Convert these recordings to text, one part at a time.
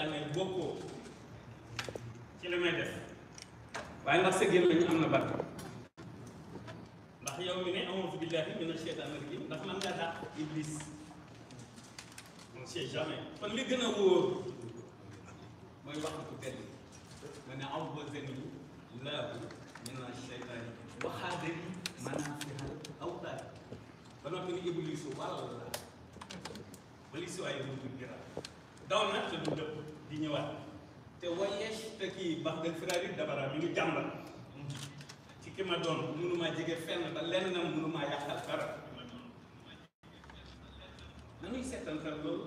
tànneel bokkoo ci li may def waaye ndax sa gémmiñ na barke ndax yow mi ne aouzu billahi mina sheytaani rajim ndax man ngaa dàq iblis on sait jamais kon li gën a wóor mooy wax ko benn ma ne awwazani laahu mina sheytaani waxaadani manaasihal awtaar ba noppi ni iblisu wàll la ba li si waaye mu ngi daw nag te du dëpp di ñëwaat te wayees te kii bax de frère dabara mi ngi jàmbat ci ki ma doon mënumaa jege fenn ba lenn nam mënumaa yàqal dara nanuy seetantal loolu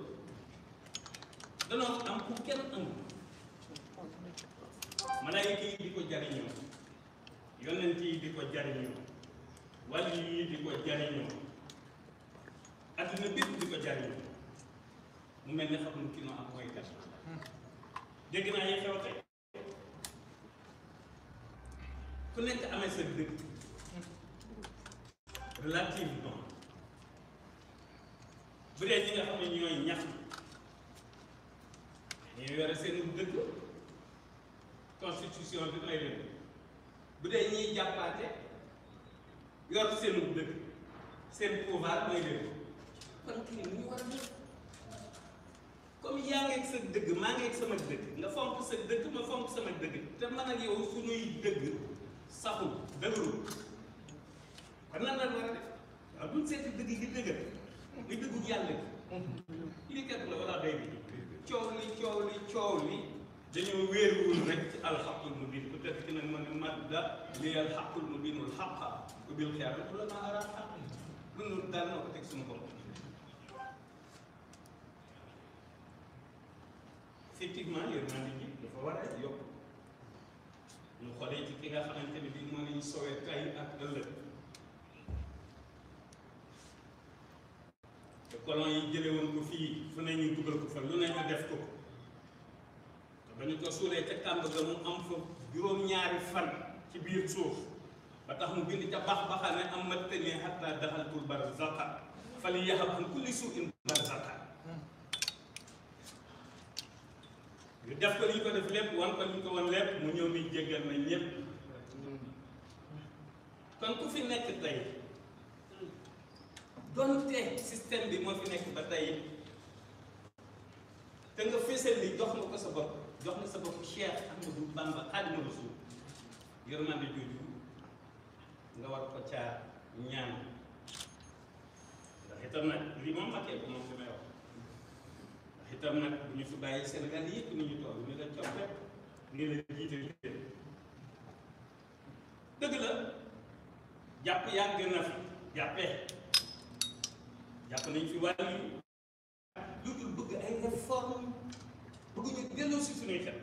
danoo am ku kenn amul malaayika yi di ko jariñoo yonent yi di ko jariñoo wàll yi di ko jariñoo adduna bépp di ko jariñoo mu mel ne xamuñu kii noonu ak mooy kat dégg naa yi xew tey ku nekk amee sa dëkk relativement bu dee ñi nga xam ne ñooy ñax dañuy yore seen dëkk constitution bi leen bu dee ñiy jàppaate yor seen dëkk seen pouvoir may leen kon kii war a def comme yaa ngi ak sa dëgg maa ngi sama dëgg nga fonk sa dëgg ma fonk sama dëgg te man ak yow suñuy dëgg saxul dëgërul kon lan la war a def waaw duñ seeti dëgg gi dëgër li dëggu yàlla gi li kat la wala day bi coow li coow li coow li dañoo wéeruwul rek ci alxaqul mubin ku def ci nag ma ne madda li alxaqul mubinul xaqa ubil xiyaamati la ma ara xaq lu nu daal noo ko teg suñu bopp effectivement yërmande ji dafa war a yokk ñu xoolee ci ki nga te colon yi jële woon ko fii fu ne ñu dugal ko fa lu ne ñu def ko te ko suulee ca kàmb ga mu am fa juróom-ñaari fan ci biir suuf ba tax mu bind ca bax baxa ne am mattani hatta daxaltul barzaqa fali yaxab an kulli suin barzaqa def ko li ko def lépp wan ko li ko wan lépp mu ñëw mi jéggal na ñépp kon ku fi nekk tey donte bi moo fi nekk ba tey te nga fésal li jox nga ko sa bopp jox nga sa bopp Cheikh Ahmadou Bamba Xaadimu Rasuul yërmande jooju nga war ko caa ñaan ndax itam nag li moom makkee ko moom fi may wax itam nag bu ñu fi bàyyi Sénégal yëpp ni ñu toog ni la coppet ni la jiite liggéey dëgg la jàpp yàgg na fi jàppee jàpp nañ fi wàll lu dul bëgg ay réforme bëgg ñu delloo si suñuy xel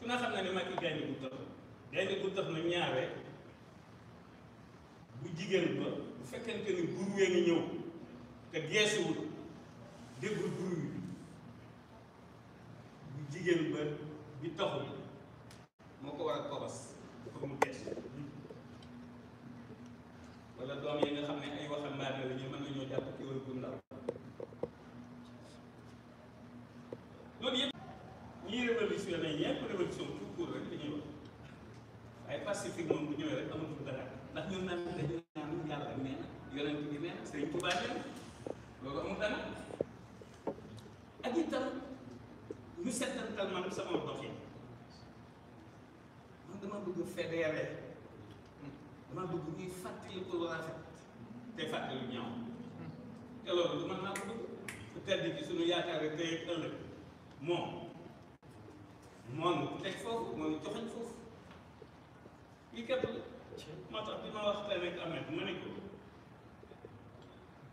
ku na xam na ne Macky gaynde gu tëx gaynde gu tëx na ñaawe bu jigéen ba bu fekkente ni buruwee ni ñëw te geesuwul déglu bruit bi jigéen ba bi taxul moo ko war a kobas ba mu gerte wala doom yi nga xam ne ay waxambaane la ñu mën nañoo jàpp ci wër bu ndaw loolu yëpp ñii révolutionné ñëpp révolution tout court rek dañuy wax moom bu ñëwee rek amatul dara ndax ñun naan dañu naan yàlla nee na yonent bi nee na sëriñ Tuubaa nee na fédéré dama bëgg ñuy fàttali ko lu rafet te fàttali lu ñaaw te loolu man naa ko bëgg ku tedd ci suñu yaakaar yi tey ak ëllëg moom moom teg foofu moom joxañ foofu li kat moo tax bi ma waxtaan ak Ahmed ma ne ko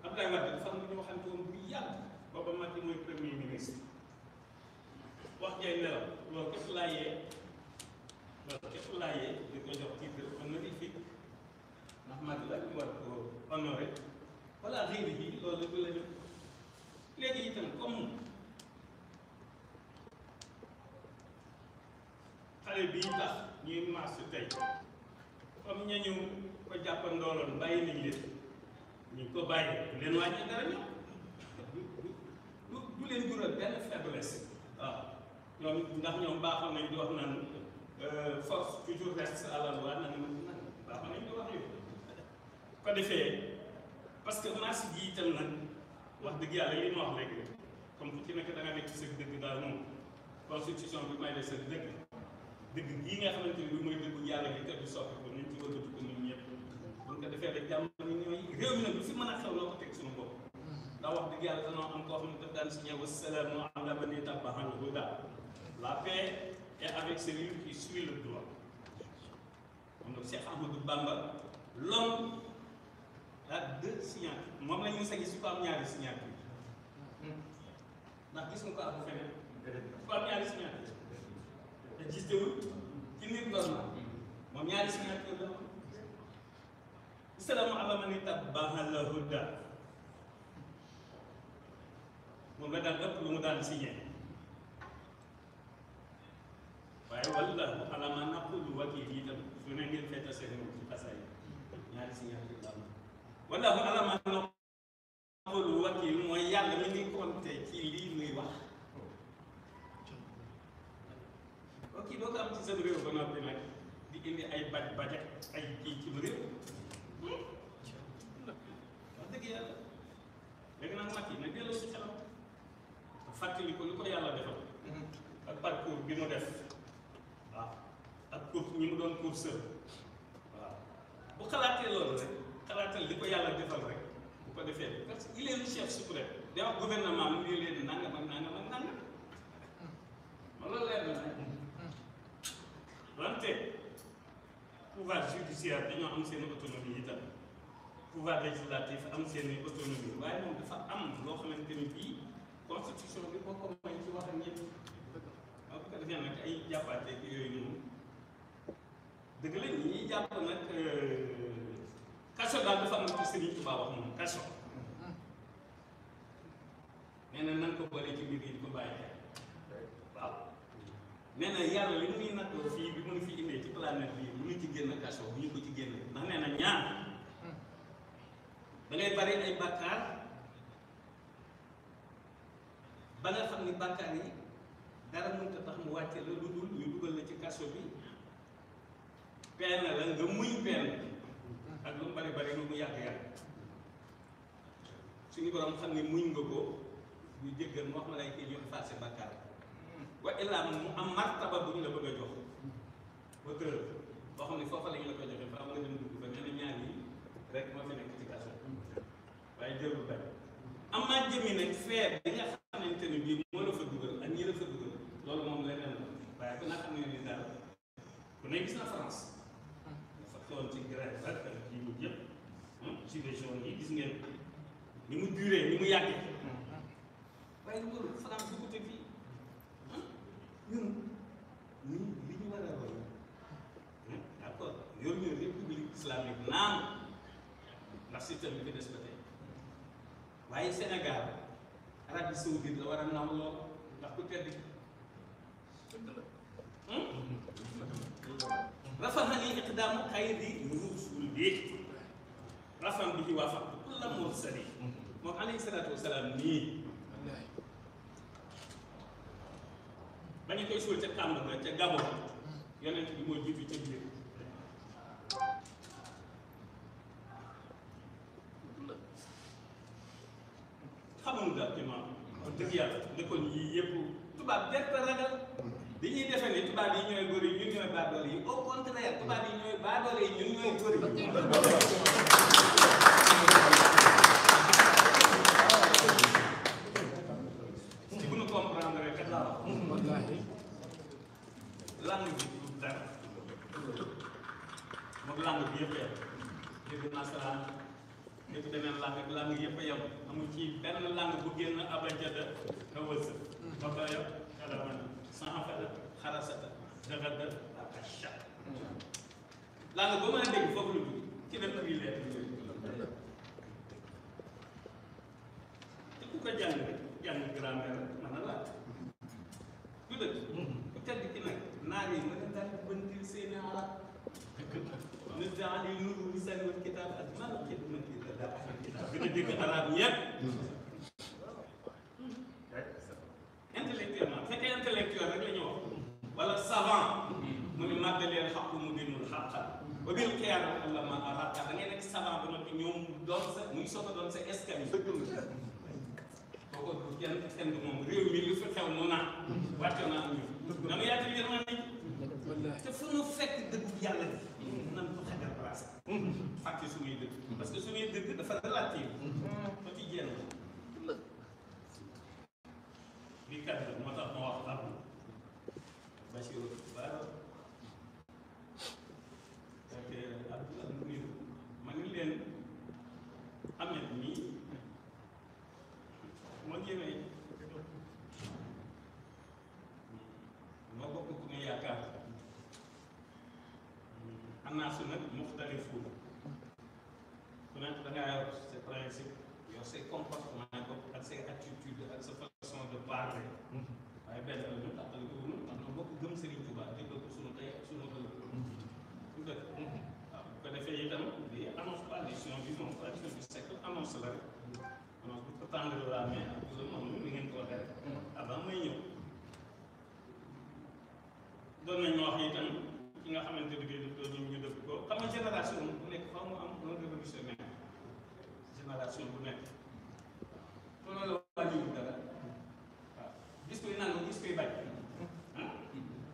Abdoulaye Wade dafa am lu ñu waxante woon bu yàgg booba Macky mooy premier ministre wax jay nelaw loolu képp laa yee donc képp laayee di ko jox titre honorifique ndax màgg la ñu war ko honoré wala xëy na fii loolu du la ñu léegi itam comme xale bii tax ñuy mars tey comme ña ñu ko jàppandooloon bàyyi nañ leen ñu ko bàyyi du leen wàññi dara ñoom du du leen jural benn faiblesse waaw ñoom ndax ñoom baaxoon nañ di wax naan. Euh, force toujours reste à la loi nan nan baax ma nañ ko wax yooyu ko defee parce que marché ji itam nag wax dëgg yàlla li ma wax léegi rek comme ku ci nekk da nga nekk ci sa dëgg daal moom bi may de sa dëgg dëgg gii nga xamante ni bi mooy dëgg yàlla gi kat du soppi ko nañ ci wëlbati ko ñun ñëpp ko defee rek jàmm ni ñooy réew mi nag lu fi a xew loo ko teg suñu bopp ndax wax dëgg yàlla danoo am koo xam ne daf daan signé wa salaamu ala bani tabaxal huda la paix et avec celui qui suit le droit. Donc Cheikh Ahmadou Bamba l'homme a deux signatures moom la ñu sa si su ko am ñaari signature ndax gis nga ko am feneen su ko am ñaari signature te gis teewul ci nit normal moom ñaari signature la islamu ala man ittabaha al huda moom la daan ëpp lu mu daan signé waaye wallahu ala ma naqulu wakiil yi tam su ne ngeen fekk seen ci xasaay si ñaari la wallahu ala ma naqulu wakiil mooy yàlla mi ngi compté ci ok doo ko am ci seen réew ba noppi nag di ay baj baje ay kii ci réew wax dëgg yàlla léegi nag mag yi na delloo si xelam fàttali ko lu ko yàlla defal ak parcours bi mu def course ñi mu doon courseur waaw bu xalaatee loolu rek xalaatal li ko yàlla defal rek bu ko defee parce que il est le chef suprême day wax gouvernement bi lii leen nangam ak nangam ak nangam ma loolu leer na nag wante pouvoir judiciaire dañoo am seen autonomie itam pouvoir législatif am seen autonomie waaye moom dafa am loo xamante ni bii constitution bi boo ko may ci wax ak ñëpp waaw bu ko defee nag ay jàppaate yooyu moom dëgg la ñi jàpp euh, kaso daal dafa am ci Sëriñ Tuubaa wax moom kaso nee na nan ko boole ci mbir yi di ko bàyyi waaw nee yàlla li muy fii bi mu ngi fi indee ci planète bii mënuñ ci génn kaso bu ñu ko ci génn ndax nee na ñaar ngay bari ay bàkkaar ba nga xam ni bàkkaar yi dara mënut a tax mu wàcce la lu dul ñu dugal la ci kaso bi peine la nga muñ peine ak lu mu bari bari lu mu yàgg-yàgg suñu borom xam ne muñ nga ko ñu jéggal wax ma lay kii ñu effacé bàkkaar wa illaa mu am martaba bu ñu la bëgg a jox ba kër ne foofa la ñu la koy joxe ba nga dem dugg ba nee na ñaar yi rek moo fi nekk ci kaso waaye jël bu bari amaa jëmi nag feer bi nga xamante ne bii moo la fa dugal ak ñi la fa dugal loolu moom leneen la waaye ku naa xam ne ni daal ku ne nekkoon ci grève ak ak kii ñun yëpp hmm, subvention yi gis ngeen ni mu duree ni mu yàggee waaye loolu France bu ko teg fii hmm, ñun ñu li ñu war a roy hmm, d' accord yor ñu république islamique naan ndax système bi fi des ba tey waaye Sénégal Arabie Saoudite la war a naam lool ndax ku tedd rafahani iqdaamu xayri rusul bi rafan bi ci waafaqtu kulla mursali moom alayhi salaatu wasalaam nii ba ñu koy suul ca Tamba ca Gabon yonent bi moo jiitu ca biir xamuñu daal ci maam dëgg yàlla nekkoon yii yëpp tubaab gerte ragal li ñuy defee ni tubaab yi ñooy góor yi ñun ñooy baadoole yi au contraire tubaab yi ñooy baadoole yi ñun ñooy góor yi. si bu ñu comprendre rek kat laa wax. langue bi du dara moom langue bi yëpp yem dégg nasaraan dégg beneen langue langue yëpp yem amul ci benn langue bu génn abajada nga wërsëg ba pare jafandar ak chat. langue boo mën a dégg foofu la dugg ci même kii leer te ku ko jàng jàng grammaire mën a laaj. du dëgg. ku tedd ki nag naar yi mën a daal di bëntil seeni arab. nu daal di nuru lisan wal kitaab ak mala xidmatil kitaab gën a dégg arab ñëpp. doon sa muy soog a doon sa escalier. dëgg la kooku kenn kenn du moom réew mi li fi xew mu naan. wàcce naa am ñu. na ma yaatu yéen man nañ. te fu nu fekk dëgg yàlla bi. nan ko xajal place. fàtte suñuy dëgg. parce que suñuy dëgg dafa relatif. quotidien la. li kat la moo tax ma wax Abdou Bachir Ahmed mii moo ñëwee annonce pas l'élection bi moom pas l'élection du siècle annonce la rek bu ko tendre la main ak le moom ni ngeen ko waxee rek avant may ñëw doon nañ ma wax itam ki nga xamante ne bii dafa doon ko xam nga génération bu nekk faaw mu loolu la ñu dara waaw gis koy nangu gis mm.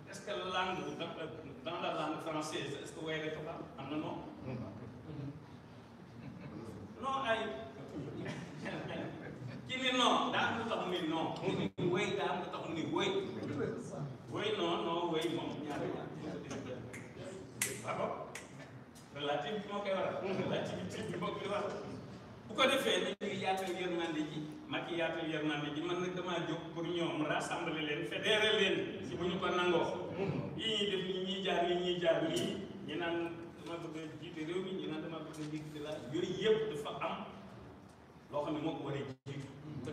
est ce que langue dans la langue est ce que wéy rek am na non. defee ni ñuy yaatal yërmande ji Macky yaatal yërmande ji man nag damaa jóg pour ñoom rassembler leen fédérer leen si bu ñu ko nangoo. yii ñuy def ñi ñuy jaar yi ñu naan dama bëgg a jiite réew mi ñu naan dama bëgg a jiite la yooyu yëpp dafa am loo xam ne moo ko war a jiitu.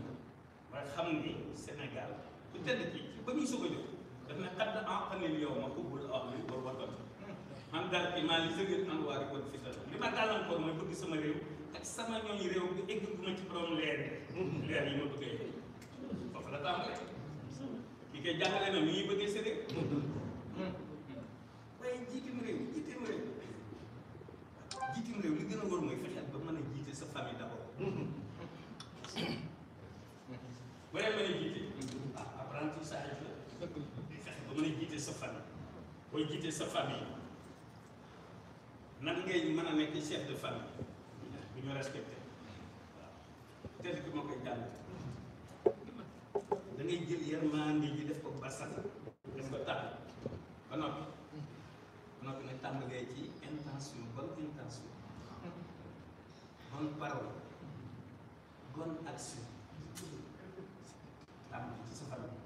ba xam ni Sénégal ku tedd ci ba muy soog a jóg daf ne xadd enqanil yow ma xubbul ahli wal watan man daal ci maa li sëgal anwaari wal fitan li ma gàllankoor mooy bëgg sama réew. ak sama ñooñu réew bi egg bu ci borom leer yi leer yi ma bëgg a yegg foofu la tàmbalee kii koy jàngale na mi ngi bëggee sëre waaye jiitim réew jiitim réew li gën a war mooy fexe ba mën a jiite sa famille d'abord bu dee ah, mën a jiite sa famille booy jiite sa famille nan ngay mën a nekk chef de ñu respecté waaw tel ki ma koy jàngal da ngay jël yërmande ji def ko basal def ko tànn ba noppi ba noppi nag tàmbalee ci intention bonne intention bonne parole bonne action tàmbali ci sa famille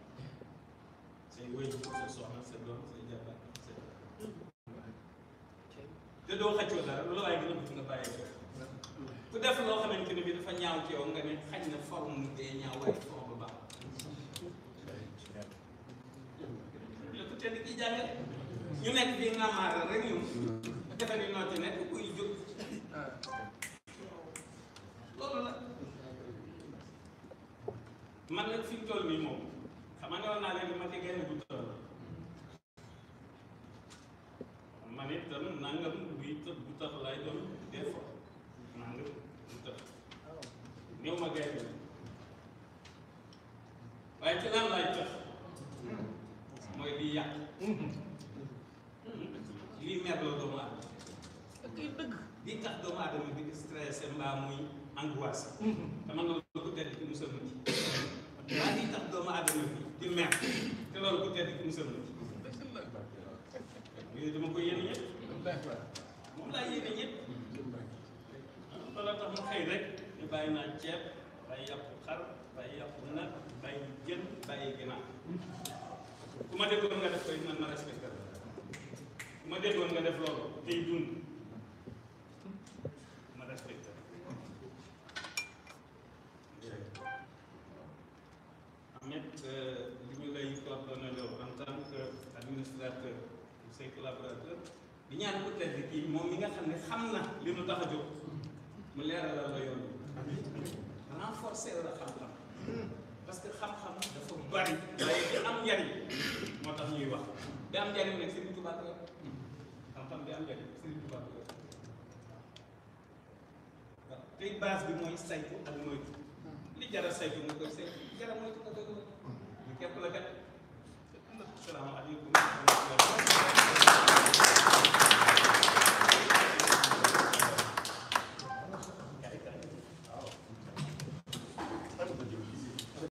say wéy sa soxna sa doom say jabar sa te doo xëccoo dara lu la waaye gën nga bàyyi ko ku def loo xamante ne bi dafa ñaaw ci yow ne xaj na forme dee ñaaw waaye forme baax la ku tedd ñu nekk fii nga maara rek ni noo ci nekk kuy jóg loolu la man nag fi tol toll nii moom ne woon naa leen ma ci genn bu lan laay tax doomu aadama dëgg di stressé mbaa loolu ko tedd ki musal na ci waa lii tax doomu aadama bi di mer te loolu ko tedd ki musal na ci yooyu dama koy yéene ñëpp moom laa yéene ñëpp loolu tax mu xëy rek ñu bàyyi naa ceeb bàyyi yàpp xar bàyyi yàqu na bàyyi jën bàyyi ginnaaw ku ma déggoon nga def koy man ma respecté la ku ma déggoon nga def loolu tey dund ma respecté Ahmed euh, li ñu lay coordonnateur en tant que administrateur say collaborateur di ñaan peut-être kii moom mi nga xam ne xam na li nu tax a njariñ moo tax ñuy wax bi am njariñ nag Serigne Touba ko yor xam-xam bi am njariñ Serigne Touba ko yor waaw tey base bi mooy saytu ak moytu li jara saytu nga koy saytu li jara moytu nga koy moytu képp la kat salaamaaleykum